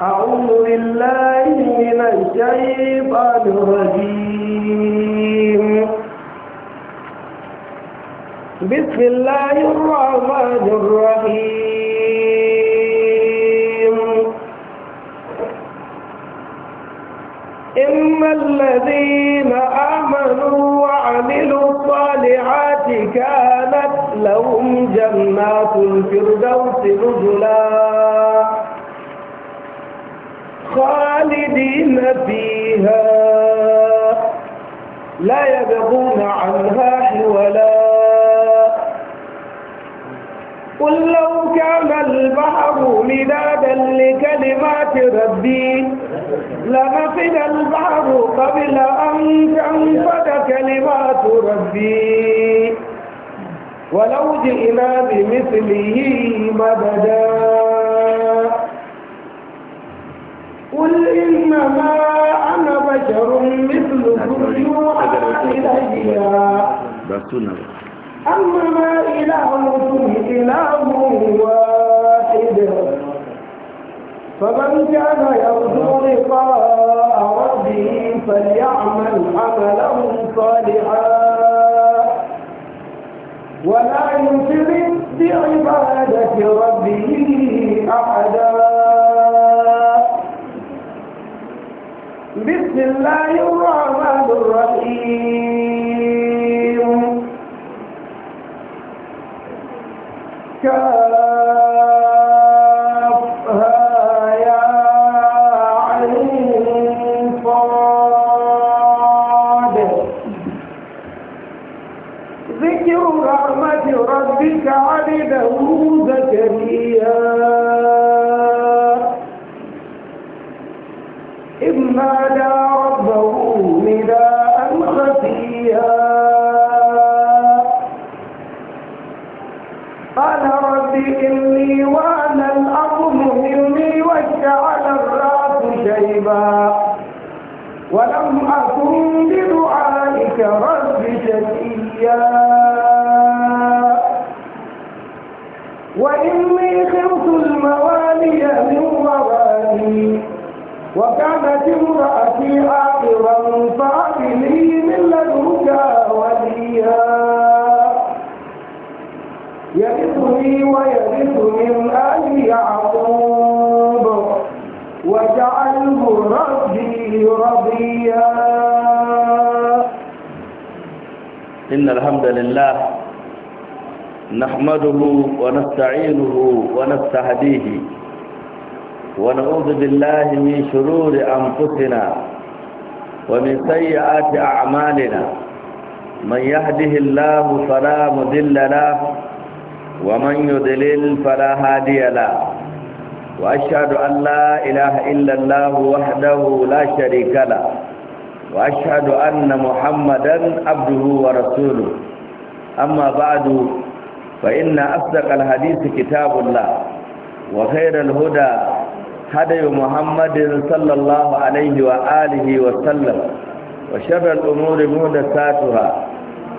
أعوذ بالله من الشيطان الرجيم بسم الله الرحمن الرحيم إن الذين آمنوا وعملوا الصالحات كانت لهم جنات الفردوس نزلاً خالدين فيها لا يبغون عنها حولا قل لو كان البحر مدادا لكلمات ربي لنفد البحر قبل أن تنفد كلمات ربي ولو جئنا بمثله مددا إنما أنا بشر مثلكم يوحى إلي أما إلهكم إله واحد فمن كان يرجو لقاء ربه فليعمل عملا صالحا ولا يشرك بعبادة ربه الله يجعله ربي رضيا إن الحمد لله نحمده ونستعينه ونستهديه ونعوذ بالله من شرور أنفسنا ومن سيئات أعمالنا من يهده الله فلا مذل له ومن يضلل فلا هادي له وأشهد أن لا إله إلا الله وحده لا شريك له وأشهد أن محمدا عبده ورسوله أما بعد فإن أصدق الحديث كتاب الله وخير الهدى هدي محمد صلى الله عليه وآله وسلم وشر الأمور مهدساتها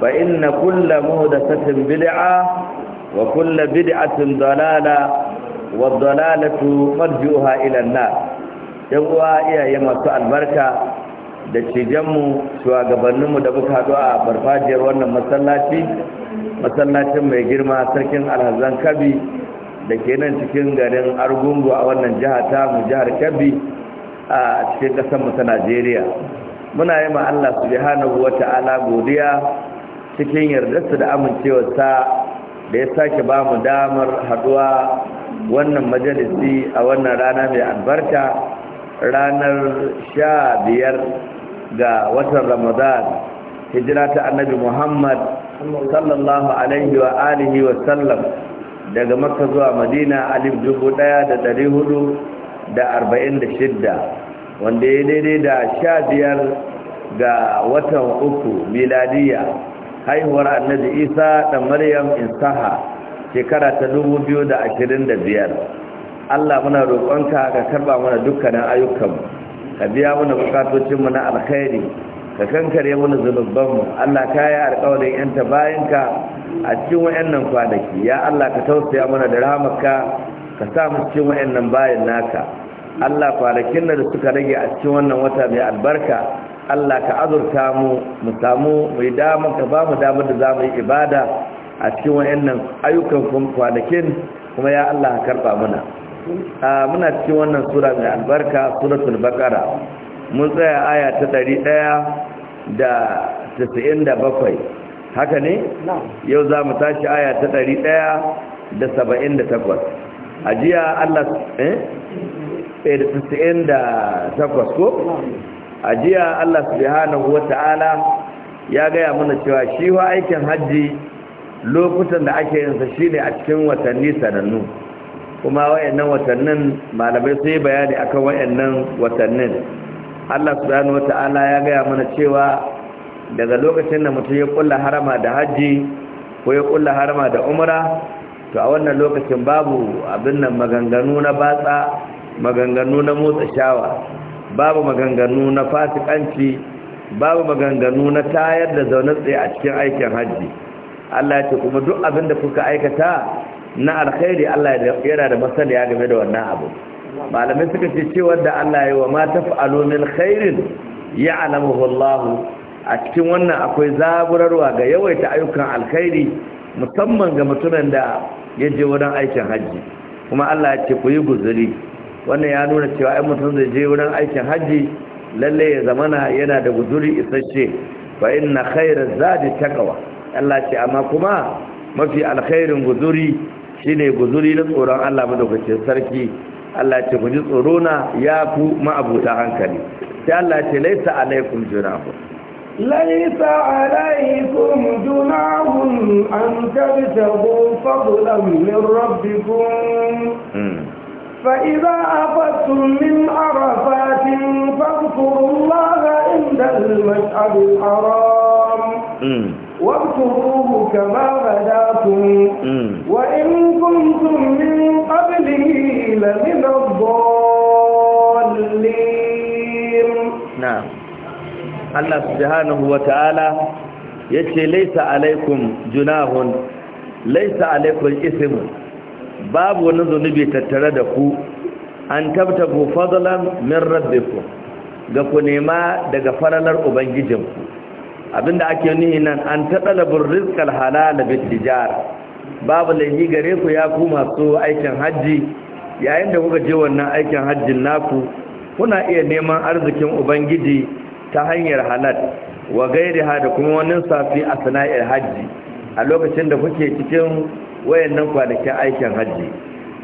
فإن كل مهدسة بدعة وكل بدعة ضلالة waddalalatu marjuha ila nar yan uwa iyaye masu albarka da cijanmu shugabanninmu da muka haɗu a barfajiyar wannan masallaci masallacin mai girma sarkin alhazan kabi da ke nan cikin garin argungu a wannan jiha ta mu jihar kabi a cikin mu ta najeriya muna yi ma allah subhanahu wa ta'ala godiya cikin yardarsa da amincewarsa da ya sake ba mu damar haɗuwa wannan majalisi a wannan rana mai albarka ranar sha biyar ga watan ramadan hijira ta annabi muhammad sallallahu alaihi wa alihi wa sallam daga makka zuwa madina alif dubu daya da dari hudu da arba'in da shidda wanda ya daidai da sha biyar ga watan uku miladiya haihuwar annabi isa da maryam insaha shekara ta dubu biyu da ashirin da biyar Allah muna roƙonka ka karba mana dukkanin ayyukanmu ka biya mana bukatocinmu na alkhairi ka kankare mana zunubanmu Allah ka yi alƙawarin yanta bayanka a cikin wayannan kwanaki ya Allah ka tausaya mana da rahamarka ka sa mu cikin wayannan bayan naka Allah kwanakin da suka rage a cikin wannan wata mai albarka Allah ka azurta mu mu samu mu yi damar ka ba mu damar da za mu yi ibada a cikin wayannan ayyukan kwanakin kuma ya Allah ka karba mana muna cikin wannan sura mai albarka suratul baqara mun tsaya aya ta 197 da haka ne yau za mu tashi aya ta 178 da ajiya Allah eh, eh da 98 ko ajiya Allah subhanahu wataala ya gaya mana cewa shi wa aikin hajji lokutan da ake yin sa shine a cikin watanni sanannu kuma wayannan watannin malamai sun yi bayani akan wayannan watannin Allah subhanahu wata'ala ya gaya mana cewa daga lokacin da mutum ya kulla harama da hajji ko ya kulla harama da umra to a wannan lokacin babu abin nan maganganu na batsa maganganu na motsa shawa babu maganganu na fasikanci babu maganganu na tayar da zaune tsaye a cikin aikin hajji Allah ya ce kuma duk abin da kuka aikata na alkhairi Allah yana da masaniya game da wannan abu malamai suka ce cewa da Allah ya yi wa ma taf'alu min khairin ya'lamuhu Allah a cikin wannan akwai zaburarwa ga yawaita ayyukan alkhairi musamman ga mutumin da ya je wurin aikin hajji kuma Allah ya ce ku yi guzuri wannan ya nuna cewa ai mutum zai je wurin aikin hajji lalle ya zamana yana da guzuri isasshe fa inna khairaz zadi taqwa Allah ce amma kuma mafi alkhairin guzuri shine guzuri na tsoron Allah madaukakin sarki Allah ce ku ji tsoro na ya ku ma'abuta hankali sai Allah ce laisa alaikum junahun laisa alaikum junahun an tabtahu fadlan min rabbikum فإذا أفدتم من عرفات فاذكروا الله عند المشعر الحرام واكتبوه كما بداكم وإن كنتم من قبله لمن الضالين نعم الله yace laisa alaikum junahun laisa alaikum ism babu wani zunubi tattare da ku an tabtabu fadlan min rabbikum ga ku nema daga faralar ubangijinku abinda ake nihi nan an ta ɗalabin rizkal halala bil tijara babu laifi gare ku ya ku masu aikin hajji yayin da kuka je wannan aikin hajjin naku kuna iya neman arzikin ubangiji ta hanyar halal wa gairiha da kuma wannan safi a sana'ir hajji a lokacin da kuke cikin wayannan kwanakin aikin hajji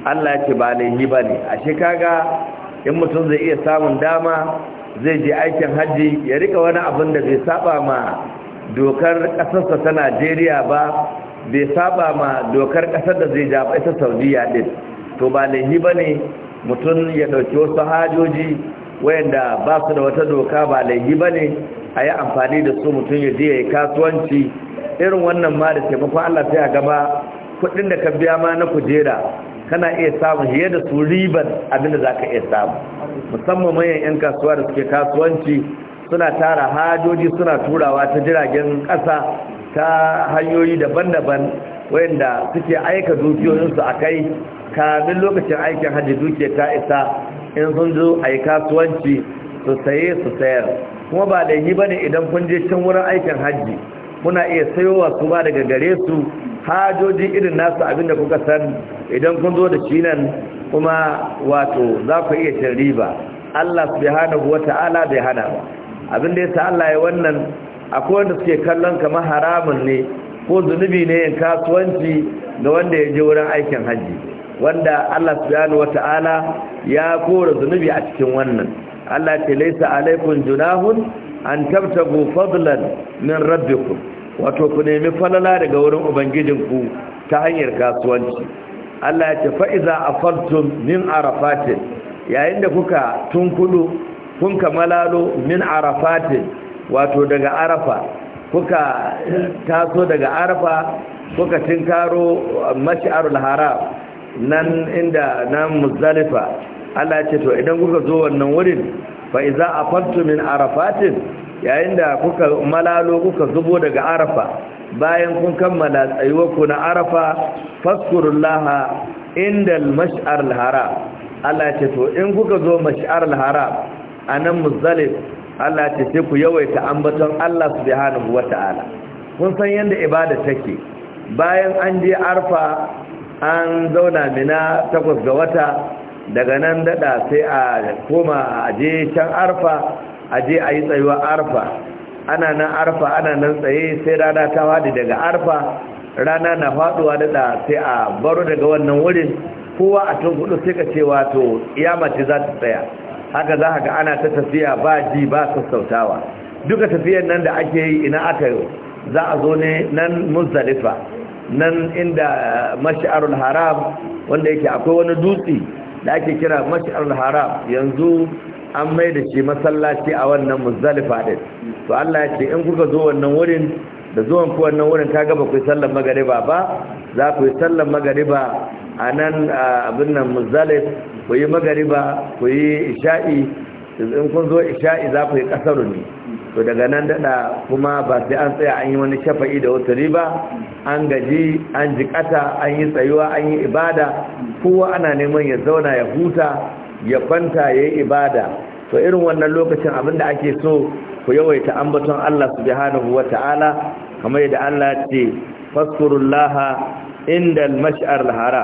Allah ya ce ba laifi bane ashe kaga in mutum zai iya samun dama zai je aikin hajji ya rika wani abin da bai saba ma dokar kasarsa ta najeriya ba bai saba ma dokar kasar da zai ja ba ita saudiya din to ba laihi ba ne mutum ya ɗauki wasu hajoji wayanda ba su da wata doka ba laihi bane ne a yi amfani da su mutum ya je ya yi kasuwanci irin wannan ma da taimakon allah sai a gaba kuɗin da ka biya ma na kujera kana iya samun fiye da su ribar abinda za ka iya samu musamman manyan 'yan kasuwa da suke kasuwanci suna tara hajoji suna turawa ta jiragen ƙasa ta hanyoyi daban-daban wayanda suke aika dukiyoyinsu a kai kamin lokacin aikin hajji dukiya ta isa in sun zo a yi kasuwanci su saye su sayar kuma ba da yi ba ne idan kun je can wurin aikin hajji muna iya sayowa su ba daga gare su hajoji irin nasu abin da kuka san idan kun zo da shi nan kuma wato za ku iya shan riba Allah kuwa wata'ala bai hana ba Abin ya sa Allah ya wannan akwai wanda suke kallon kamar haramun ne ko zunubi ne yin kasuwanci ga wanda ya je wurin aikin hajji wanda Allah wa wata'ala ya kora zunubi a cikin wannan Allah ce laisa alaikum junahun an tabtagu fadlan min rabbikum wato ku nemi falala daga wurin ubangijinku ta hanyar kasuwanci Allah ya ce fa'iza a min arafatin yayin da kuka tun kun kamalalo min arafatin wato daga arafa kuka taso daga arafa kuka tinkaro mashi'arul haram nan inda nan muzalifa. Allah ya ce to idan kuka zo wannan wurin fa'iza a min arafatin yayin da kuka malalo kuka zubo daga arafa bayan kun kammala tsayuwarku na arafa faskurullaha inda mash'ar al-haram Allah ce to in kuka zo mash'ar al-haram anan muzalif Allah ce sai ku yawaita ambaton Allah subhanahu wata'ala kun san yanda ibada take bayan an je arfa an zauna mina takwas ga wata daga nan dada sai a koma a je can arfa a je a yi tsayuwa arfa ana nan arfa ana nan tsaye sai rana ta faɗi daga arfa rana na faɗuwa da sai a baro daga wannan wurin kowa a tun hudu sai ka ce wato iyamace za ta tsaya haka za ga ana ta tafiya ba ji ba sassautawa duka tafiyar nan da ake yi ina aka yi za a zo ne nan muzdalifa nan inda eh, mashi'arul haram wanda yake akwai wani dutse da ake kira mashi'arul haram yanzu an mai da shi masallaci a wannan muzalifa din to Allah ya ce in kuka zo wannan wurin da zuwan ku wannan wurin kaga ba ku sallar magariba ba za ku yi sallar magariba a nan abin nan muzalif ku yi magariba ku yi isha'i in kun zo isha'i za ku yi kasaru ne to daga nan dada kuma ba sai an tsaya an yi wani shafa'i da wutari ba an gaji an jikata an yi tsayuwa an yi ibada kowa ana neman ya zauna ya huta ya kwanta ya yi ibada to irin wannan lokacin abinda ake so ku yawaita ambaton Allah subhanahu wa ta'ala kamar yadda Allah ce faskurullaha inda mash'ar lahara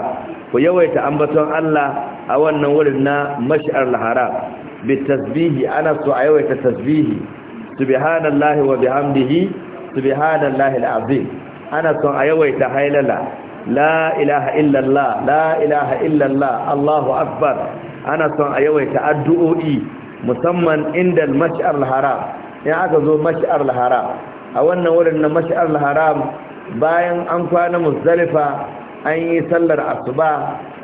ku yawaita ambaton Allah a wannan wurin na mash'ar lahara bi tasbihi ana so a yawaita tasbihi subhanallahi wa bihamdihi subhanallahi azim ana so a yawaita hailala la ilaha illallah la ilaha illallah allahu akbar ana son a yawaita addu'o'i musamman inda al-mash'ar haram in aka zo mashiar al-haram a wannan wurin na mashiar al-haram bayan an kwana muzalifa, an yi sallar asuba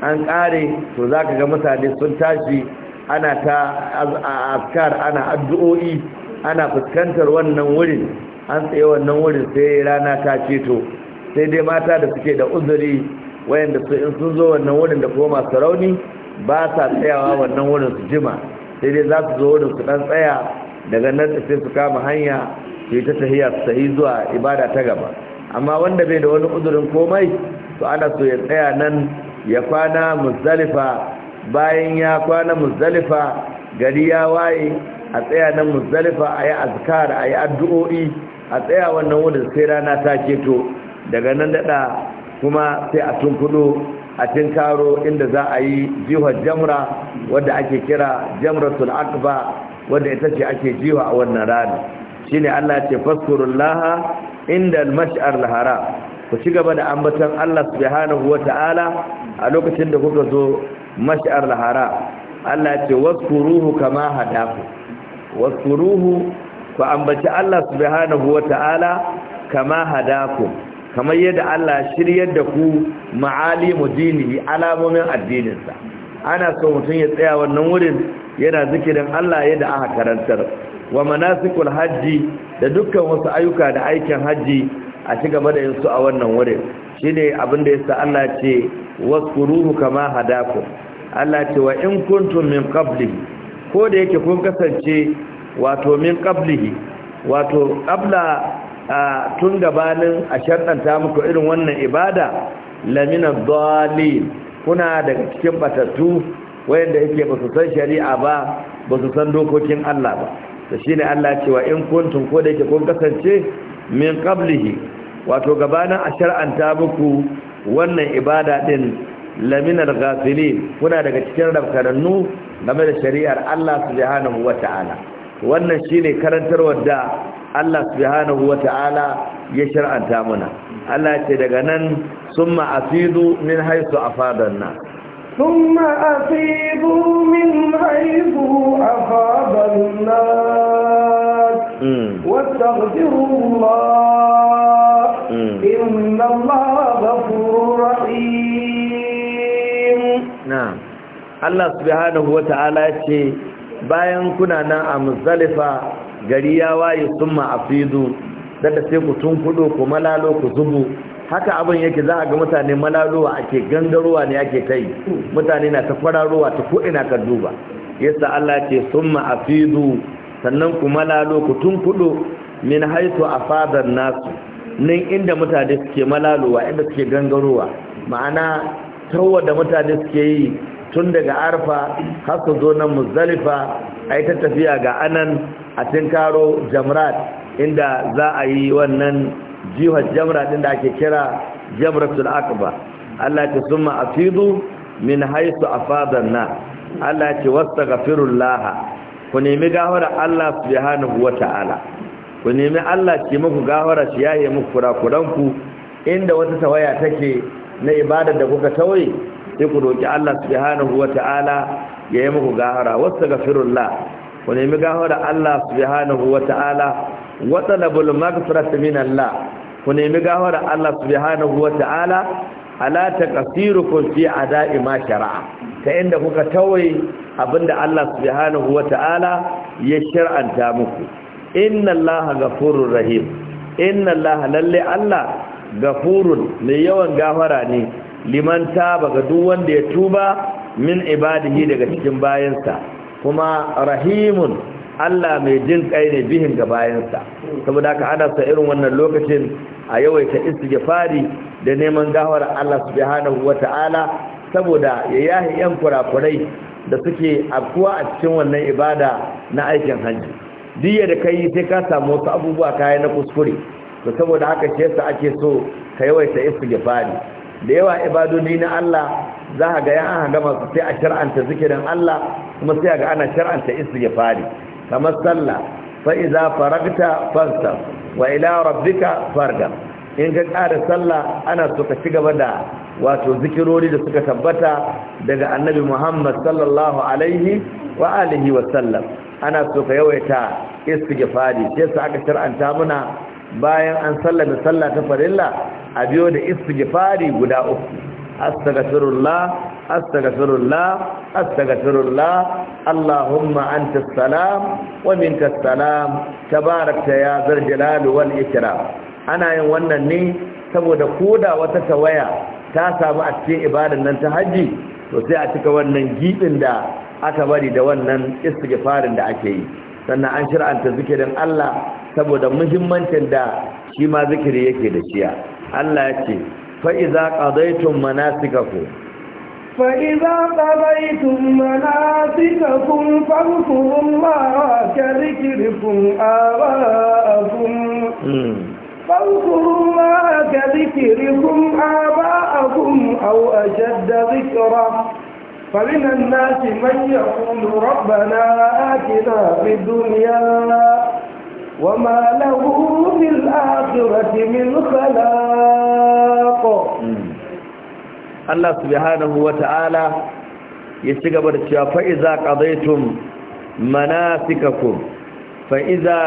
an kare to zaka ga mutane sun tashi ana ta azkar ana addu'o'i ana fuskantar wannan wurin an tsaye wannan wurin sai rana ta ceto sai dai mata da suke da uzuri wayanda su in sun zo wannan wurin da kuma masu rauni ba sa tsayawa wannan wurin su jima sai dai za su zo wurin su dan tsaya daga nan sai su kama hanya su yi ta tahiya su sahi zuwa ibada ta gaba amma wanda bai da wani uzurin komai to ana so ya tsaya nan ya kwana muzdalifa bayan ya kwana muzdalifa gari ya waye a tsaya nan muzdalifa a yi azkar a yi addu'o'i a tsaya wannan wurin sai rana ta keto daga nan daɗa kuma sai a tunkudo a tinkaro inda za a yi jihar jamra wadda ake kira jamratul akba wadda ita ce ake jiwa a wannan rana shine Allah ce faskurullaha inda al lahara, al-haram ku ci gaba da ambaton Allah subhanahu wata'ala a lokacin da kuka zo mash'ar lahara. Allah ce waskuruhu kama hadaku waskuruhu ku ambaci Allah subhanahu ta'ala kama hadaku kamar yadda Allah shiryar da ku ma'ali dinihi alamomin addininsa ana so mutum ya tsaya wannan wurin yana zikirin Allah yadda aka karantar wa manasikul hajji da dukkan wasu ayyuka da aikin hajji a ci gaba da yinsu a wannan wurin shine abin da yasa Allah ce waskuruhu kama hadaku Allah ce wa in kuntum min qabli ko da yake kun kasance wato min qablihi wato qabla a tun gabanin a sharɗanta muku irin wannan ibada lamina dali kuna daga cikin batattu wayanda yake ba su san shari'a ba ba su san dokokin Allah ba da shine Allah cewa in kuntum ko da yake kun kasance min qablihi wato gabanin a shar'anta muku wannan ibada din laminar gafili, kuna daga cikin rafkanannu game da shari'ar Allah subhanahu wata'ala wannan shine karantarwar da Allah subhanahu wata'ala ya shar'anta muna Allah ce daga nan summa afidu min haisu afadanna summa afidu min haisu afadanna hmm. wastaghfirullah hmm. inna Allah ghafurur rahim na'am Allah subhanahu wata'ala ce bayan kuna nan a Muzdalifa gari ya waye summa afidu daga sai ku tunkudo ku malalo ku zubu haka abin yake za a ga mutane malalowa ake gangarowa ne ake kai mutane na ta fararowa ta ko'ina ka duba yasa Allah ce summa afidu sannan ku malalo ku tunkudo min haitu fadar nasu nan inda mutane suke malalowa inda suke gangarowa ma'ana tawo da mutane suke yi tun daga arfa har su zo muzdalifa Ai ta tafiya ga anan a tinkaro jamrat inda za a yi wannan jihar jamrat inda ake kira jamratul akba Allah ta summa afidu min haisu afadan na Allah ce wasta gafirullah ku nemi gafara Allah subhanahu wata'ala ku nemi Allah ce muku gafara shi yi muku kurakuranku inda wata tawaya take na ibada da kuka tawaye sai ku roki Allah subhanahu ta'ala. ya yi muku gahara wasu ga firulla ku nemi gahara Allah subhanahu wa ta'ala wa bulmak maghfirat min Allah ku nemi gahara Allah subhanahu wa ta'ala ala taqsirukum fi ada'i ma shari'a ta inda kuka tawai abinda Allah subhanahu wa ta'ala ya shar'anta muku inna Allah ghafurur rahim inna Allah lalle Allah ghafurun mai yawan gahara ne liman taba ga duk wanda ya tuba min ibadihi daga cikin bayansa kuma rahimun Allah mai jin kai ne bihin ga bayansa saboda haka ana sa irin wannan lokacin a yawaita istighfari da neman gawar Allah subhanahu wata'ala saboda ya yahi yan kurakurai da suke afkuwa a cikin wannan ibada na aikin hajji diya da kai sai ka samu wasu abubuwa kayan na kuskure to saboda haka shi yasa ake so ka yawaita istighfari da yawa ibadoni na Allah za a ga ya an gama su sai a shar'anta zikirin Allah kuma sai a ga ana shar'anta istighfari kamar sallah fa iza faragta fasta wa ila rabbika farga in ka ƙara sallah ana so ka ci gaba da wato zikirori da suka tabbata daga annabi Muhammad sallallahu alaihi wa alihi wa sallam ana so yawaita istighfari sai sa aka shar'anta muna bayan an sallame sallah ta farilla a biyo da istighfari guda uku astaghfirullah astaghfirullah astaghfirullah allahumma anta salam wa minka salam tabarakta ya zal jalali wal ikram ana yin wannan ne saboda koda wata tawaya ta samu a cikin ibadan nan ta haji to sai a cika wannan gibin da aka bari da wannan istighfarin da ake yi sannan an shir'anta zikirin Allah saboda muhimmancin da shi ma zikiri yake da shiya Allah ya ce fa'iza ƙadaitun manasikaku fa'iza ƙadaitun manasikakun farkun ma'a karikirkun aba'akun فاذكروا ما كذكركم آباءكم أو أشد ذكرا فمن الناس من يقول ربنا آتنا في الدنيا وما له في الآخرة من خلاق الله سبحانه وتعالى يستقبل الشيء فإذا قضيتم مناسككم فإذا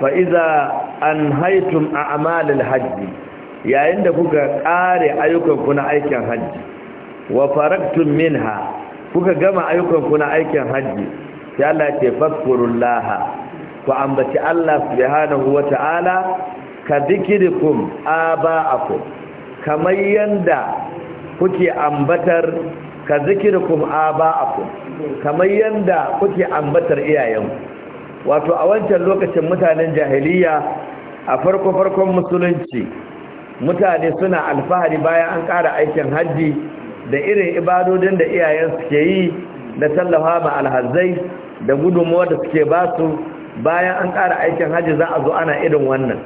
فإذا أنهيتم أعمال الحج yayin da kuka kare ayyukanku na aikin hajji wa faraktum minha kuka gama ayyukanku na aikin hajji ya ku ambaci Allah subhanahu wata'ala ka ta'ala aba'akum kamar yanda kuke ambatar ka zikirikum aba'akum kamar yanda kuke ambatar iyayen wato a wancan lokacin mutanen jahiliya a farko farkon musulunci mutane suna alfahari bayan an ƙara aikin hajji da irin ibadodin da iyayen suke yi da tallafa ma alhazai da gudunmuwa da suke basu bayan an ƙara aikin hajji za a zo ana irin wannan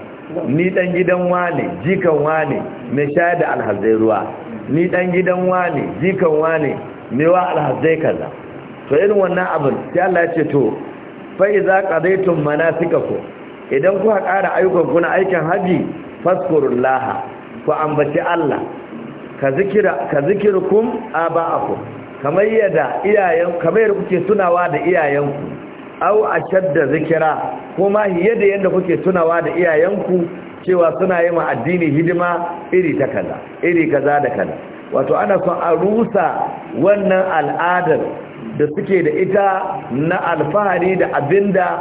ni ɗan gidan wane jikan wane mai shayar da alhazai ruwa ni ɗan gidan wane jikan wane mai wa alhazai kaza to irin wannan abin sai Allah ya ce to fa iza qadaytum manasikakum idan kuka ƙara ayyukan kuna aikin haji fazkurullaha ku ambaci Allah ka zikira ka zikirkum aba'akum kamar yadda iyayen kamar yadda kuke tunawa da iyayenku au a shadda zikira kuma da yadda kuke tunawa da iyayenku cewa suna yi ma addini hidima iri ta kaza iri kaza da kaza wato ana son a rusa wannan al'adar da suke da ita na alfahari da abinda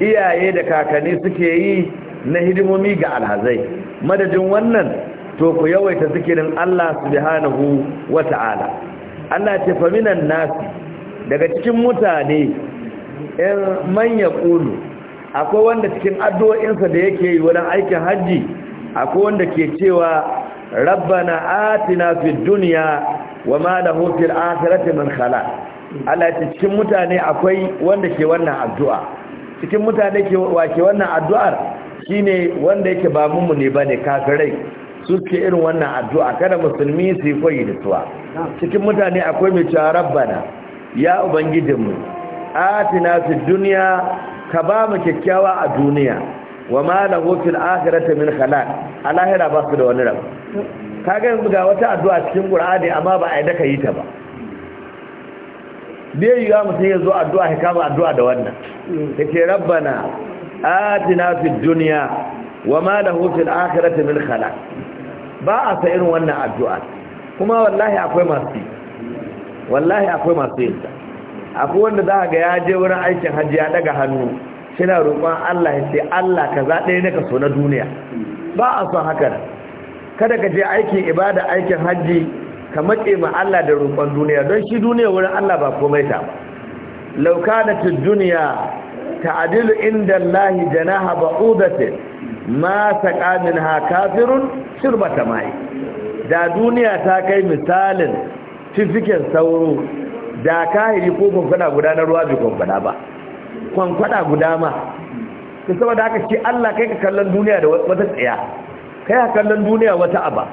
iyaye da kakanni suke yi na hidimomi ga alhazai madadin wannan to ku yawaita zikirin Allah subhanahu wata'ala Allah ce faminan nasi daga cikin mutane in manya ƙulu akwai wanda cikin addu'o'insa da yake yi wurin aikin hajji akwai wanda ke cewa rabbana atina fi duniya wa ma da hufil asirati min khala Allah cikin mutane akwai wanda ke wannan addu'a cikin mutane ke wannan addu'ar shine wanda yake ba mu ne ba ne kafirai su ke irin wannan addu'a kada musulmi su yi koyi da tuwa cikin mutane akwai mai cewa rabbana ya ubangijinmu atina fi dunya ka ba mu kyakkyawa a duniya wa ma lahu fil akhirati min khalaq alahira ba su da wani rabu ga yanzu ga wata addu'a cikin qur'ani amma ba a daka yi ta ba bai yiwa mutum ya zo addu'a ya kama addu'a da wannan yake rabbana atina fi dunya wa ma lahu fil akhirati min khalaq ba a sa irin wannan addu'a kuma wallahi akwai masu wallahi akwai masu yin ta akwai wanda za ga ya je wurin aikin hajji ya daga hannu shina roƙon Allah ya ce Allah zaɗe ne ka so na duniya ba a son hakan kada ka je aikin ibada aikin hajji ka matse ma Allah da roƙon duniya don shi duniya wurin Allah ba komai ta ba law ta duniya, ta ta'dilu inda Allah janaha ba'udatin ma saqa ha kafirun ta mai da duniya ta kai misalin cikin sauro da kahiri ko kwankwada guda na ruwa bai kwankwada ba kwankwada guda ma ta saboda haka shi Allah kai ka kallon duniya da wata tsaya kai ka kallon duniya wata aba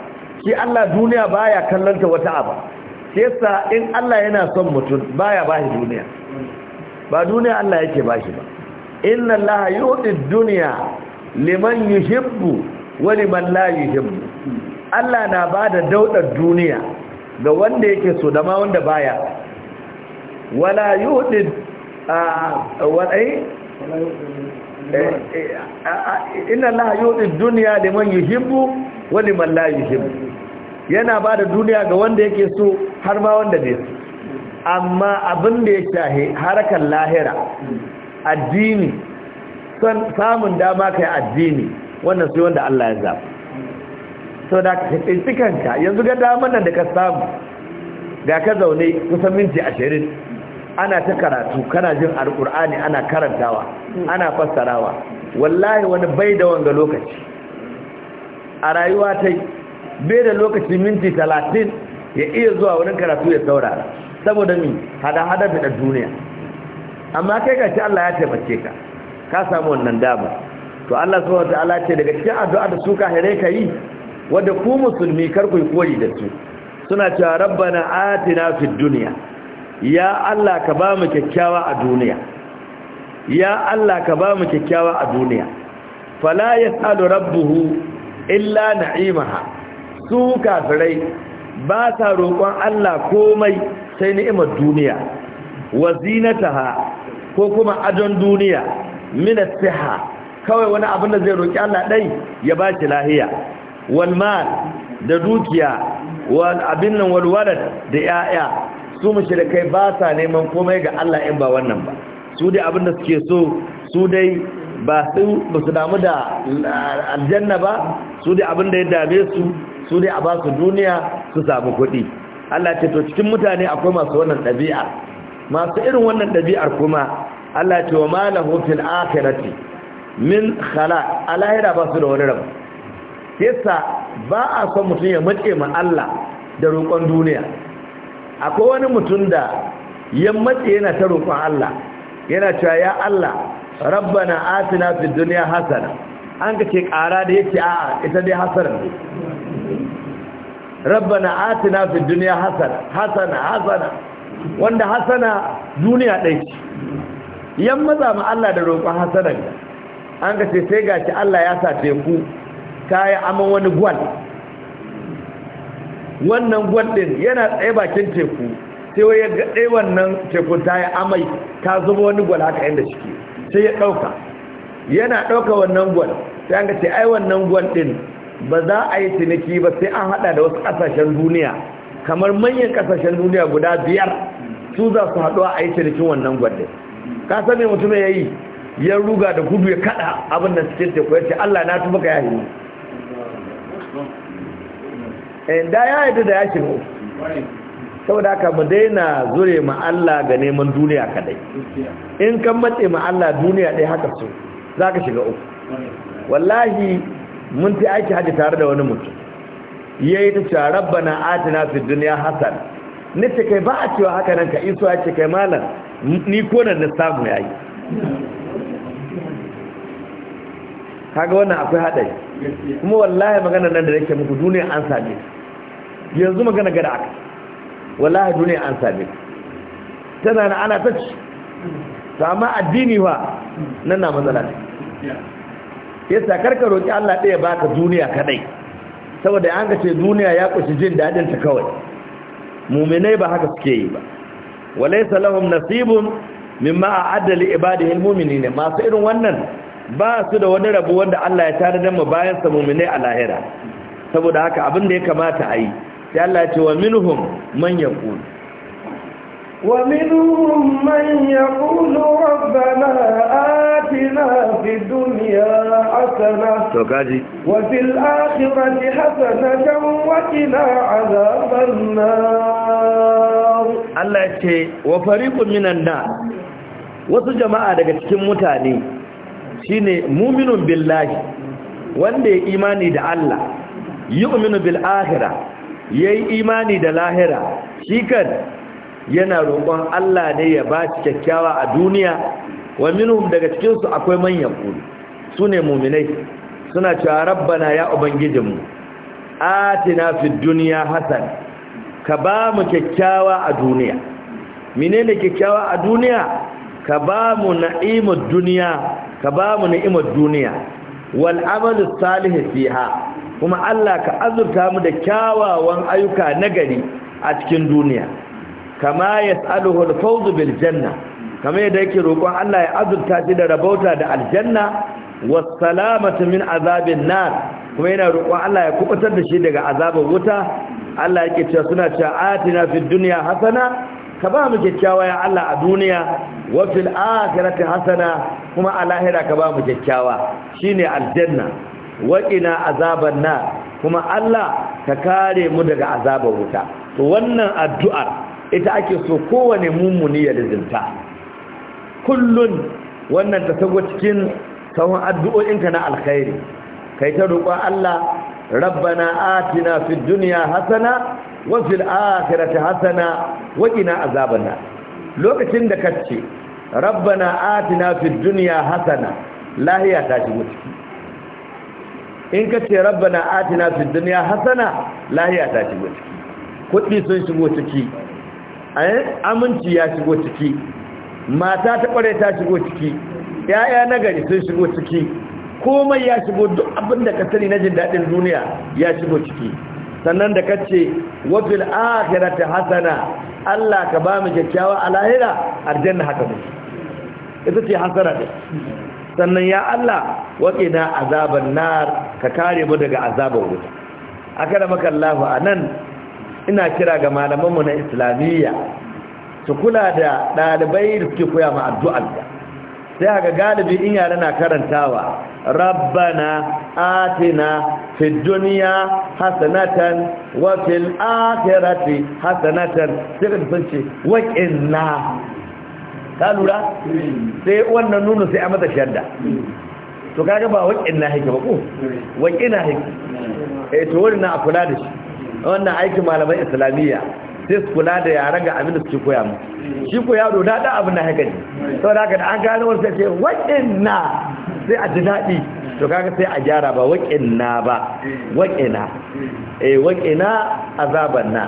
shi Allah duniya baya kallon ta wata aba Ke sa in Allah yana son mutum baya bashi duniya ba duniya Allah yake bashi ba inna Allah yu'ti duniya liman yuhibbu wa liman la yuhibbu Allah na bada daudar duniya ga wanda yake so da ma wanda baya wala yuhdid duniya da الله dunya الدنيا لمن wa ولمن لا yuhibbu yana bada duniya ga wanda yake so har ma wanda ne amma abin da ya shahi harakan lahira addini son samun dama kai addini wannan sai wanda Allah ya zaba so da ka tsinci kanka yanzu ga daman nan da ka samu ga ka zaune kusan minti ashirin. ana ta karatu kana jin alkur'ani ana karantawa ana fassarawa wallahi wani bai da wanga lokaci a rayuwa ta bai da lokaci minti talatin ya iya zuwa wani karatu ya saurara saboda mi hada-hada da duniya amma kai ka ce Allah ya taimake ka ka samu wannan dama to Allah wata Allah ce daga cikin addu'a da suka hare ka yi wadda ku musulmi kar ku koyi da su suna cewa rabbana atina fi duniya. ya Allah ka ba mu kyakkyawa a duniya ya Allah ka ba mu kyakkyawa a duniya fala yasalu rabbuhu illa na'imaha su kafirai ba sa roƙon Allah komai sai ni'imar duniya wa zinataha ko kuma adon duniya min as-siha kawai wani abin da zai roƙi Allah dai ya ba shi lahiya wal mal da dukiya wal abin nan wal walad da 'ya'ya. su kai ba sa neman komai ga Allah in ba wannan ba su dai abinda suke so su dai ba su damu da aljanna ba su dai abinda ya dame su su dai a ba su duniya su samu kuɗi Allah ce to cikin mutane akwai masu wannan ɗabi'a masu irin wannan ɗabi'ar kuma Allah ce wa malahu fil akhirati min khala alahira ba su da wani rabu yasa ba a son mutum ya matse ma Allah da roƙon duniya akwai wani mutum da ya matse yana ta roƙon Allah yana cewa ya Allah rabbana atina fid dunya hasana an ga ce ƙara da yake a'a ita dai hasana ne rabbana atina fid dunya hasana hasana hasana wanda hasana duniya dai ce yan maza ma Allah da roƙon hasana an ga ce sai gashi Allah ya sa ku kai aman wani gwal wannan gwadin yana tsaye bakin teku sai wai ya gaɗe wannan tekun ta yi amai ta zuba wani gwal haka yadda shi sai ya ɗauka yana ɗauka wannan gwal sai an ga ce ai wannan gwal ɗin ba za a yi ciniki ba sai an haɗa da wasu kasashen duniya kamar manyan kasashen duniya guda biyar su za su haɗuwa a yi cinikin wannan gwal ɗin ka san me mutum ya yi ya ruga da gudu ya kaɗa abin da cikin teku ya ce allah na tuba ka yahi Eh, da ya yadda da ya Sau saboda haka mu daina zure ma Allah ga neman duniya kadai in kan matse ma Allah duniya dai haka so zaka shiga uku wallahi mun ta aiki haji tare da wani mutum yayi ta cewa rabbana atina fid dunya hasan ce kai ba a cewa haka nan ka iso ya ce kai malam ni ko nan na samu yayi kaga wannan akwai haɗari kuma wallahi magana nan da yake muku duniya an same yanzu magana gada aka wallahi duniya an same tana na ana tace to amma addini wa nan na matsala ne yasa karka roki Allah ɗaya baka duniya kadai saboda an ga ce duniya ya kushi jin dadin ta kawai mu'minai ba haka suke yi ba walaysa lahum nasibun mimma a'adda li ibadihi almu'minina masu irin wannan ba su da wani rabu wanda Allah ya tare mu bayan sa mu'minai a lahira saboda haka abin da ya kamata a yi sai Allah ya ce wa minhum man yaqul wa minhum man yaqul rabbana atina fid dunya hasana to gaji wa fil akhirati hasana wa qina azabanna Allah ya ce wa fariqun minan nas wasu jama'a daga cikin mutane shine mu'minun billahi wanda ya imani da Allah yi yu'minu bil akhirah yayi imani da lahira shi kan yana roƙon Allah ne ya ba shi kyakkyawa a duniya wa minhum daga cikinsu akwai manyan kulu sune mu'minai suna cewa rabbana ya ubangijinmu atina fid dunya hasan ka ba mu kyakkyawa a duniya menene kyakkyawa a duniya ka ba mu na'imud duniya ka ba mu ni'imar duniya wal amalu salihu fiha kuma Allah ka azurta mu da kyawawan ayyuka nagari a cikin duniya kama yas'aluhu al-fawz bil janna kama yadda yake roƙon Allah ya azurta shi da rabauta da aljanna was salamatu min azabin nar kuma yana roƙon Allah ya kubutar da shi daga azabar wuta Allah yake cewa suna cewa atina fid dunya hasana ka ba mu kyakkyawa ya Allah a duniya wa fil akhirati hasana kuma a lahira ka ba mu kyakkyawa shine aljanna wa qina azaban nar kuma Allah ka kare mu daga azabar wuta to wannan addu'ar ita ake so kowane mummuni ya lizinta kullun wannan ta tago cikin sahun addu'o'inka na alkhairi kai ta roƙon Allah rabbana atina fid dunya hasana wa fil akhirati hasana wa qina azabana. lokacin da kace rabbana atina fid dunya hasana lahiya ta shigo ciki in kace rabbana atina fid dunya hasana lahiya ta shigo ciki kudi sun shigo ciki eh, aminci ya shigo ciki mata ta kware ta shigo ciki ya'ya gari sun shigo ciki komai ya shigo duk abin da ka sani na jin daɗin duniya ya shigo ciki sannan da kace wabil akhirati hasana Allah ka ba mu kyakkyawa a lahira aljanna haka ne ita ce hasara ne sannan ya Allah waqina azaban nar ka kare mu daga azabar wuta akaramaka a nan, ina kira ga malamanmu na islamiyya su kula da ɗalibai da suke koya ma addu'ar da sai ga galibi in yare na karantawa rabbana atina fi dunya hasanatan wa fil akhirati hasanatan sai da sunce wa inna ka lura sai wannan nuno sai a mata shadda to kaga ba wa inna hake ba ko wa inna hake eh to wannan a kula da shi wannan aikin malaman islamiyya sai su kula da yaran ga abin da su koya mu shi ko yaro da da abin da haka ne saboda haka da an gano wani sai waɗanna sai a ji daɗi to kaga sai a gyara ba na ba waƙina eh waƙina azaban na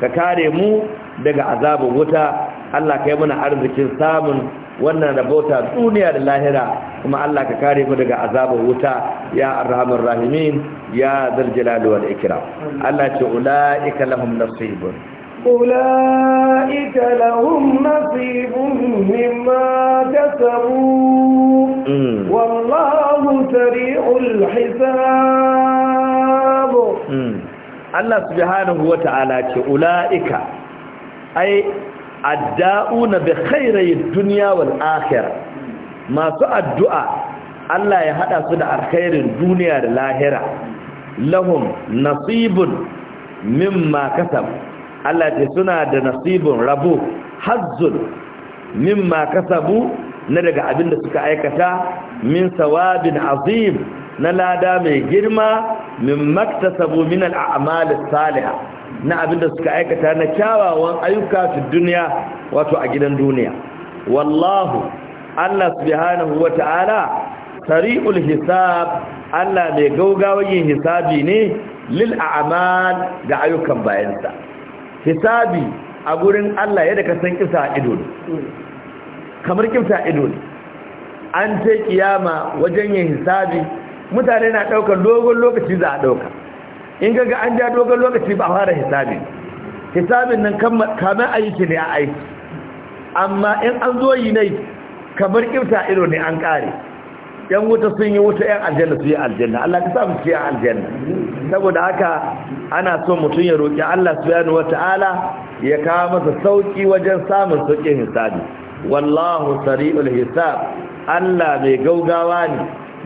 ka kare mu daga azabin wuta Allah kai muna arzikin samun wannan rabota duniya da lahira kuma Allah ka kare mu daga azabin wuta ya arhamur rahimin ya zal jalali wal ikram Allah ce ulaika lahum nasibun أولئك لهم نصيب مما كسبوا والله سريع الحساب الله سبحانه وتعالى أولئك أي الداؤون بخير الدنيا والآخرة ما الدعاء Allah ya haɗa su da alkhairin duniya da lahira lahum nasibun mimma kasab Allah ce suna da nasibin rabu hazzul mimma kasabu na daga abin da suka aikata min sawabin azim na lada mai girma min maktasabu min al'amal salihah na abin da suka aikata na kyawawan ayyuka fi duniya wato a gidan duniya wallahu Allah subhanahu wata'ala sari'ul hisab Allah mai gaugawayin hisabi ne lil a'mal ga ayyukan bayansa hisabi a gurin Allah yadda ka san kisa ido ne kamar kisa ido ne an ce kiyama wajen yin hisabi mutane na ɗaukar dogon lokaci za a dauka in ga an ja dogon lokaci ba fara hisabi hisabin nan kamar aiki ne a aiki amma in an zo yi ne kamar a ido ne an kare. yan wuta sun yi wuta yan aljanna su yi aljanna Allah ka samu su yi aljanna saboda haka ana so mutum ya roƙi Allah subhanahu Ta'ala ya kawo masa sauki wajen samun sauƙin hisabi wallahu sari'ul hisab Allah mai gaugawa ne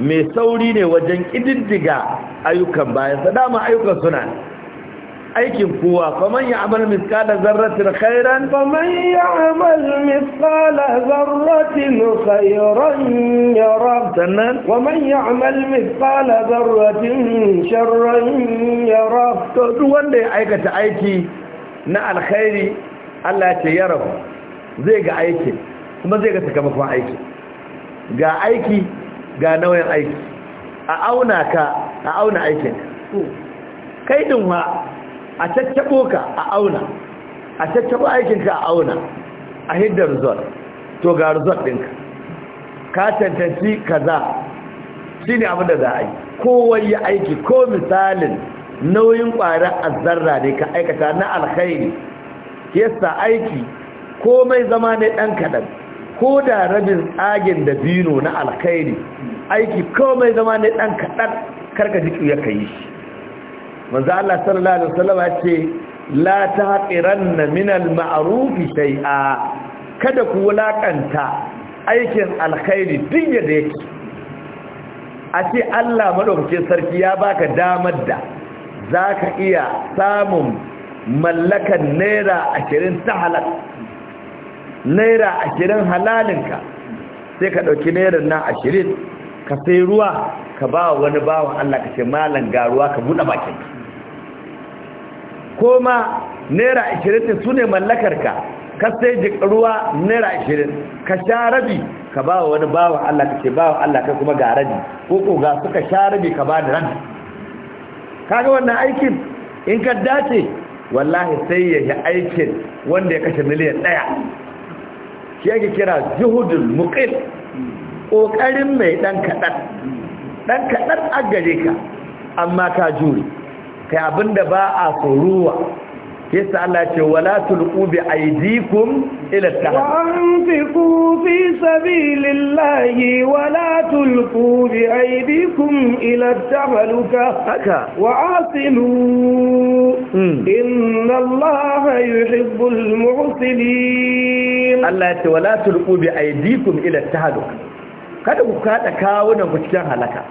mai sauri ne wajen ƙididdiga ayyukan bayansa sadama ayyukan suna aikin kowa faman ya amal miskala zarratin khairan faman ya amal miskala zarratin khairan ya rab sannan faman ya amal miskala zarratin sharran ya rab to duk wanda ya aikata aiki na alkhairi Allah ya ce ya rabu zai ga aiki, kuma zai ga sakamakon aiki ga aiki ga nauyin aiki a auna ka a auna aikin kai din wa a caccabo ka a auna a caccabo aikinka a auna a hidda result to ga result ɗinka ka tantanci kaza shi ne abin da za a yi kowai ya aiki ko misalin nauyin a zarra ne ka aikata na alkhairi yasta aiki komai zama ne ɗan kaɗan ko da rabin tsagen da bino na alkhairi aiki komai zama ne ɗan kaɗan karka jiki ya ka yi shi manzo Allah sallallahu alaihi wasallam ya ce la tahqiranna min al-ma'ruf shay'a kada ku wulakanta aikin alkhairi din yadda yake a ce Allah madaukake sarki ya baka damar da zaka iya samun mallakan naira 20 ta halal naira 20 halalinka sai ka dauki naira na 20 ka sai ruwa ka ba wani bawan Allah ka ce malan garuwa ka buɗe bakinka ko ma naira ashirin ne su ne mallakarka ka sai ruwa naira ashirin ka sha rabi ka ba wa wani bawa Allah ka ce bawa Allah ka kuma ga rabi ko ko ga suka sha rabi ka ba da ran kaga wannan aikin in ka dace wallahi sai ya yi aikin wanda ya kashe miliyan ɗaya shi yake kira juhudul muqil ƙoƙarin mai ɗan kaɗan ɗan kaɗan aggare ka amma ka jure kai abinda ba a tsoruwa yasa Allah ce wala tulqu bi aydikum ila tahluk anfiqu fi sabilillahi wala tulqu bi aydikum ila tahluka haka wa asinu hmm. inna Allah yuhibbul muhsinin Allah ce wala tulqu bi aydikum ila tahluk kada ku kada kawunan ku cikin halaka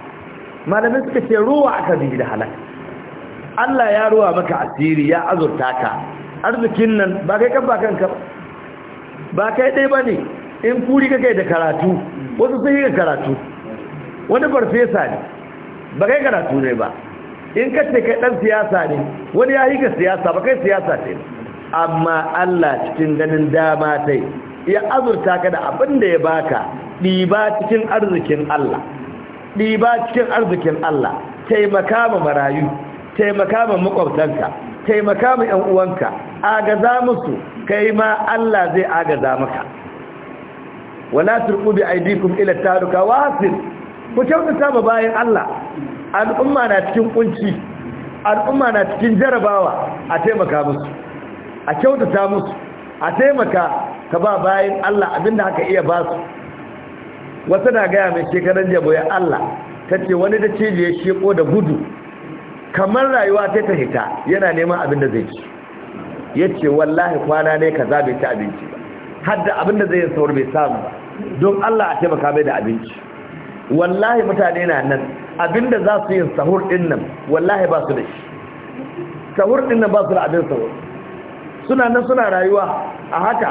malamin suka ce ruwa aka bi da halaka Allah ya ruwa maka asiri ya azurta ka arzikin nan ba kai kan ba kanka ba kai dai ba ne in kuri ka kai da karatu wasu sun yi ka karatu wani farfesa ne ba kai karatu ne ba in ka ce kai dan siyasa ne wani ya yi ka siyasa ba kai siyasa ce amma Allah cikin ganin dama sai ya azurta ka da abin da ya baka ɗiba cikin arzikin Allah ɗiba cikin arzikin Allah taimaka ma marayu taimaka ma makwabtanka taimaka ma ƴan uwanka agaza musu kai ma Allah zai agaza maka wala turqu bi aidikum ila taruka wasil ku kyautata ma bayan Allah al'umma na cikin kunci al'umma na cikin jarabawa a taimaka musu a kyautata musu a taimaka ka ba bayan Allah abinda haka iya ba su wata na gaya mai shekaran jabo ya Allah ta ce wani da ya sheko da gudu kamar rayuwa ta ta hita yana neman abin da zai ci ya ce wallahi kwana ne ka bai ci abinci hadda abin da zai yi saurin bai samu don Allah a taimaka mai da abinci wallahi mutane na nan abin da za su yi sahur din nan wallahi ba su da shi sahur din nan ba su da abin sahur suna nan suna rayuwa a haka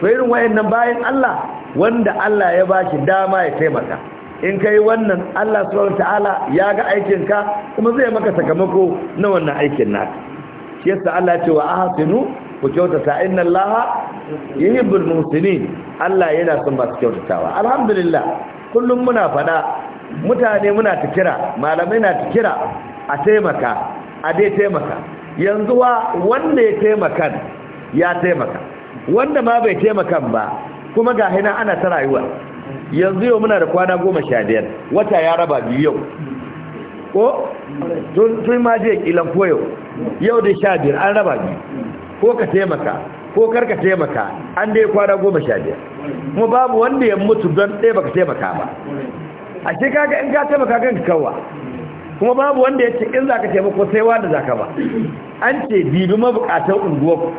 Fa irin nan bayan Allah wanda Allah ya ba shi dama ya taimaka in ka yi wannan Allah subhanahu ta'ala ya ga aikin ka kuma zai maka sakamako na wannan aikin na shi yasa Allah ya ce wa ahsinu ku kyautata inna Allah yuhibbul muhsinin Allah yana son masu kyautatawa alhamdulillah kullum muna fada mutane muna ta kira malamai na ta kira a taimaka a dai taimaka yanzu wa wanda ya taimaka ya taimaka wanda ma bai taimakan ba kuma ga hina ana ta rayuwa yanzu yau muna da kwana goma sha biyar wata ya raba biyu yau ko tun ma je kilan koyo yau da sha biyar an raba biyu ko ka taimaka ko kar ka taimaka an dai kwana goma sha biyar kuma babu wanda ya mutu don ɗaya baka taimaka ba a ce kaga in ka taimaka kan kawa kuma babu wanda ya ce in za ka taimako sai wanda za ka ba an ce dibi mabukatan unguwa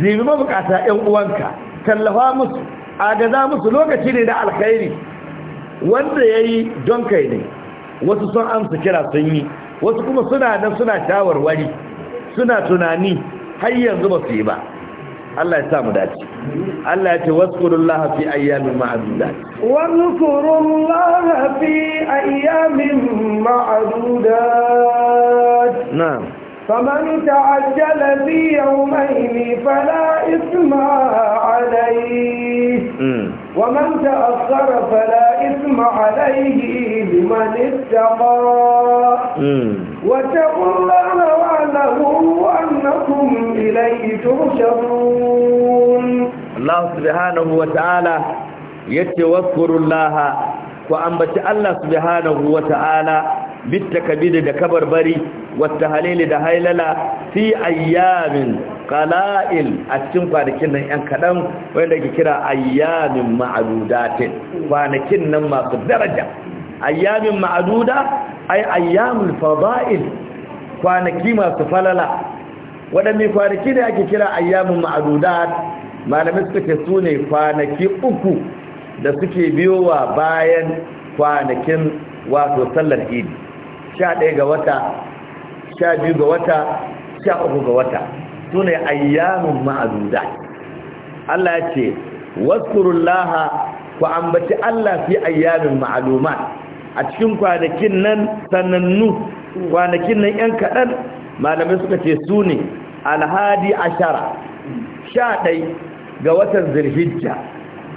dibi mabukata 'yan uwanka tallafa musu A agaza musu lokaci ne na alkhairi wanda ya yi don kai ne wasu sun amsa kira sun yi wasu kuma suna nan suna shawarwari suna tunani har yanzu ba su yi ba Allah ya sa mu dace Allah ya ce waskurullaha fi ayyamin ma'dudat waskurullaha fi ayyamin ma'dudat na'am فمن تعجل في يومين فلا إثم عليه ومن تأخر فلا إثم عليه لمن اتقى واتقوا الله واعلموا أنكم إليه ترشدون الله سبحانه وتعالى يتوكر الله وأنبت الله سبحانه وتعالى bitakabid da kabarbari wata halili da hailala fi ayyamin qala'il a cikin kwanakin nan yan kadan wanda ake kira ayyamin ma'adudatin kwanakin nan masu daraja ayyamin ma'aduda ay ayyamul fada'il kwanaki masu falala wadanne kwanaki da ake kira ayyamin ma'adudat malamai suka ne kwanaki uku da suke biyowa bayan kwanakin wato sallar idi sha ɗaya ga wata sha biyu ga wata sha uku ga wata su ne ayyamin ma'azuda Allah ya ce waskurullaha ku ambaci Allah fi ayyamin ma'aluma a cikin kwanakin nan sanannu kwanakin nan ‘yan kaɗan malamai suka ce su ne alhadi ashara sha ɗai ga watan zirhijja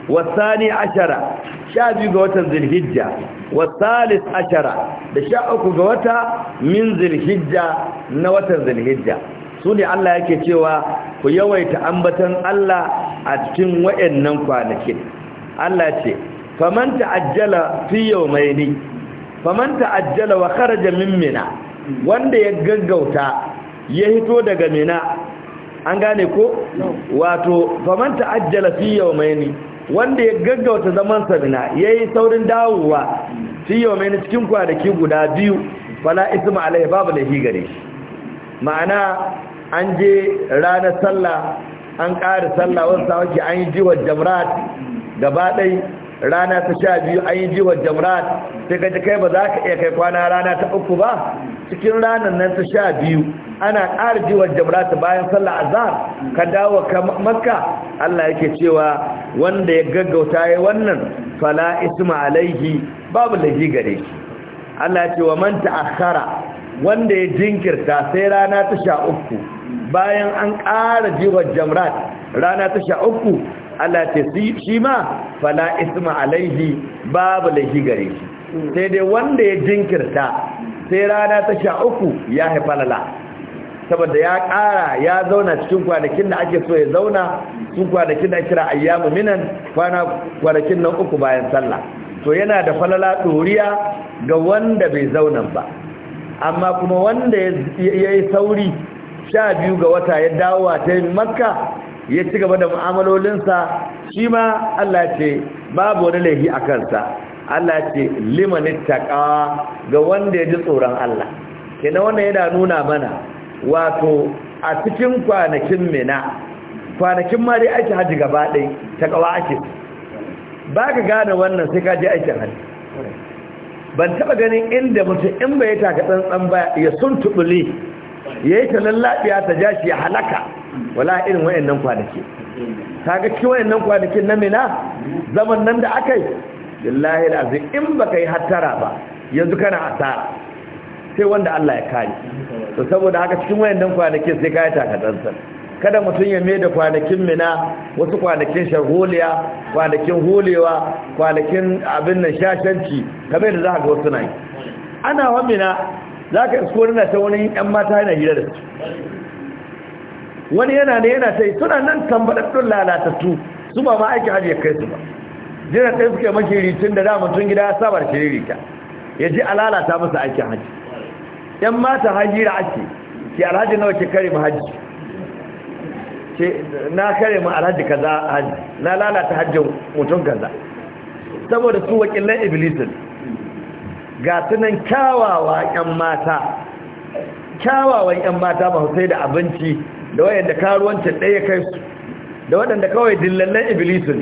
wasani ashara sha biyu ga watan zulhijja wasalis ashara da sha uku ga wata min zulhijja na watan zulhijja su ne Allah yake cewa ku yawaita ambatan Allah a cikin wayannan kwanakin Allah ce faman ta'ajjala fi yawmaini faman ta'ajjala wa kharaja min wanda ya gaggauta ya hito daga mina an gane ko wato faman ta'ajjala fi yawmaini wanda ya gaggauta zaman sabina ya yi saurin dawowa shi yau mai cikin kwanaki guda biyu fala isma alai babu laifi gare shi ma'ana an je ranar sallah an ƙara sallah wasu sawaki an yi jiwar jamrat gaba ɗai rana ta sha biyu an yi jiwar jamrat sai gaji kai ba za ka iya kai kwana rana ta uku ba cikin ranar nan ta sha biyu ana ƙara jiwar jamrat bayan sallah azhar ka dawo ka makka Allah yake cewa wanda ya gaggauta ya wannan fala isma alaihi babu laji gare shi Allah ce wa man ta'akhkhara wanda ya jinkirta sai rana ta sha uku bayan an ƙara jiwar jamrat rana ta sha uku Allah ce shi ma fala isma alaihi babu laji gare shi sai dai wanda ya jinkirta sai rana ta sha uku ya haifalala saboda ya ƙara ya zauna cikin kwanakin da ake so ya zauna cikin kwanakin da kira ayyamu minan kwana kwanakin nan uku bayan sallah to yana da falala ɗoriya ga wanda bai zauna ba amma kuma wanda ya yi sauri sha biyu ga wata ya dawo ta makka ya ci gaba da mu'amalolinsa shi ma Allah ce babu wani laifi a kansa Allah ce limanin ittaqa ga wanda ya ji tsoron Allah kenan wannan yana nuna mana wato a cikin kwanakin mina kwanakin ma dai ake haji gaba ɗai ta ƙawa ake ba ka gane wannan sai ka je aikin haji ban taɓa ganin inda mutum in bai taka tsantsan ba ya sun tuɓule ya yi ta lallaɓiya ta ja shi ya halaka wala irin nan kwanaki ta ga cikin nan kwanakin na mina zaman nan da aka yi lillahi in ba ka yi hattara ba yanzu kana asara sai wanda Allah ya kare to saboda haka cikin wayannan kwanakin sai kai taka kada mutum ya mai da kwanakin mina wasu kwanakin sharholiya kwanakin holewa kwanakin abin nan shashanci kamar da za ga wasu nan ana wa mina za isko rina ta wani yan mata yana hira da su wani yana ne yana ta yi suna nan tambaɗaɗɗun lalatattu su ba ma aiki hajji ya kai su ba jira ɗaya suke mashi ritin da da mutum gida ya saba da shiririta ya ji alalata masa aikin hajji yan mata hajira ake ke alhaji nawa ke kare mu hajji na kare mu alhaji kaza hajji na lalata hajjin mutum kaza saboda su wakilan iblisin ga sunan kyawawa yan mata kyawawan yan mata ba sai da abinci da wayanda karuwancin ɗaya kai su da waɗanda kawai dillallen iblisu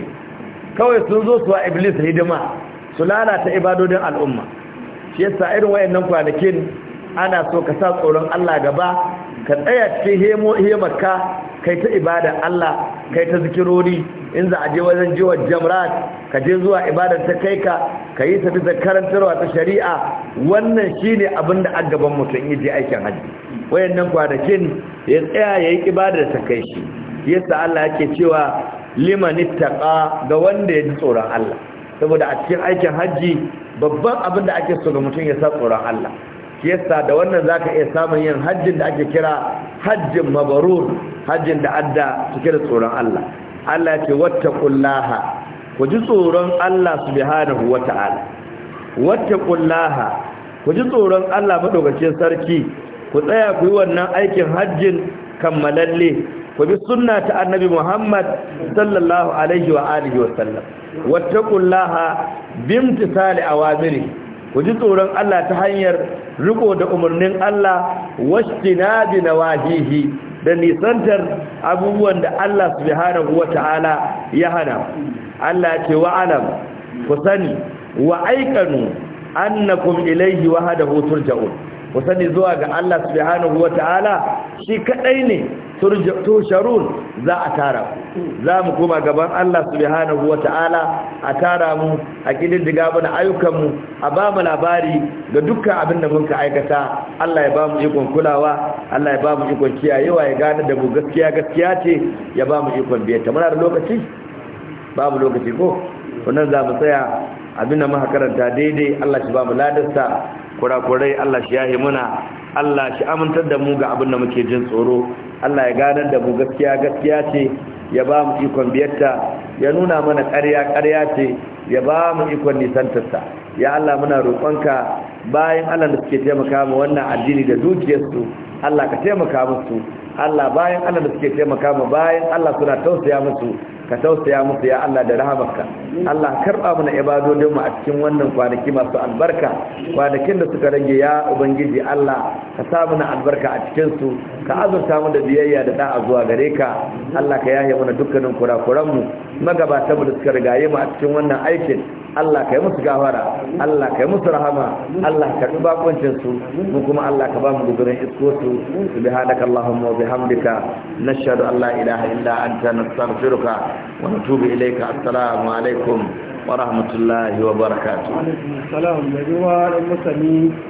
kawai sun zo su wa iblis hidima su lalata ibadodin al'umma shi yasa irin wayannan kwanakin ana so ka sa tsoron Allah gaba ka tsaya cikin hemarka kai ta ibada Allah kai ta zikirori in za a je wajen jiwar jamrat ka je zuwa ibadar ta kai ka ka yi tafi da karantarwa ta shari'a wannan shine abin da an gaban mutum yi je aikin hajji wayannan kwanakin ya tsaya ya yi ibadar ta kai shi yasa Allah yake cewa liman ittaqa ga wanda ya ji tsoron Allah saboda a cikin aikin hajji babban abin da ake so ga mutum ya sa tsoron Allah shi yasa da wannan zaka iya samun yin hajjin da ake kira hajjin mabarur hajjin da adda cike da tsoron Allah Allah ce wattaqullaha ku ji tsoron Allah subhanahu wata'ala wattaqullaha ku ji tsoron Allah madaukakin sarki ku tsaya ku yi wannan aikin hajjin kammalalle ku bi sunna ta annabi Muhammad sallallahu alaihi wa alihi wa sallam wattaqullaha bimtisali awamiri ku ji tsoron Allah ta hanyar riko da umarnin Allah washtina bi nawahihi da nisantar abubuwan da Allah subhanahu wata'ala ya hana Allah ce wa alam ku sani wa aikanu annakum ilayhi hutun turja'un Ku sani zuwa ga Allah subhanahu ta'ala shi kadai ne turjarun za a tara za mu koma gaban Allah subhanahu ta'ala a tara mu a diga mana ayyukan mu a ba mu labari ga dukkan abin da mun ka aikata Allah ya ba mu ikon kulawa Allah ya ba mu ikon kiyayewa ya gane da mu gaskiya gaskiya ce ya ba mu ikon ta muna da lokaci babu lokaci ko wannan za mu tsaya abin da muka karanta daidai Allah shi ba mu ladarsa kurakurai Allah shi yahi muna Allah shi amintar da mu ga abin da muke jin tsoro Allah ya ganar da mu gaskiya gaskiya ce ya ba mu ikon biyarta ya nuna mana ƙarya ƙarya ce ya ba mu ikon nisantarsa ya Allah muna roƙonka bayan Allah da suke taimaka mu wannan addini da dukiyarsu Allah ka taimaka musu Allah bayan Allah da suke taimaka ma bayan Allah suna tausaya musu ka tausaya musu ya Allah da rahamarka Allah karba mana ibadodin mu a cikin wannan kwanaki masu albarka kwanakin da suka rage ya ubangiji Allah ka sa mana albarka a cikin su ka azurta mu da biyayya da da'a zuwa gare ka Allah ka yaye mana dukkanin kurakuran mu magabatan mu da suka rigaye mu a cikin wannan aikin Allah ka yi musu gawara Allah ka yi musu rahama Allah ka duba kwancin su mu kuma Allah ka ba mu gudurin isko su bi subhanaka allahumma wa bihamdika na, an la ilaha illa anta nastaghfiruka wa natubu ilayka assalamu alaikum wa rahmatullahi wa barakatuh alaikum assalam da ruwa dan musami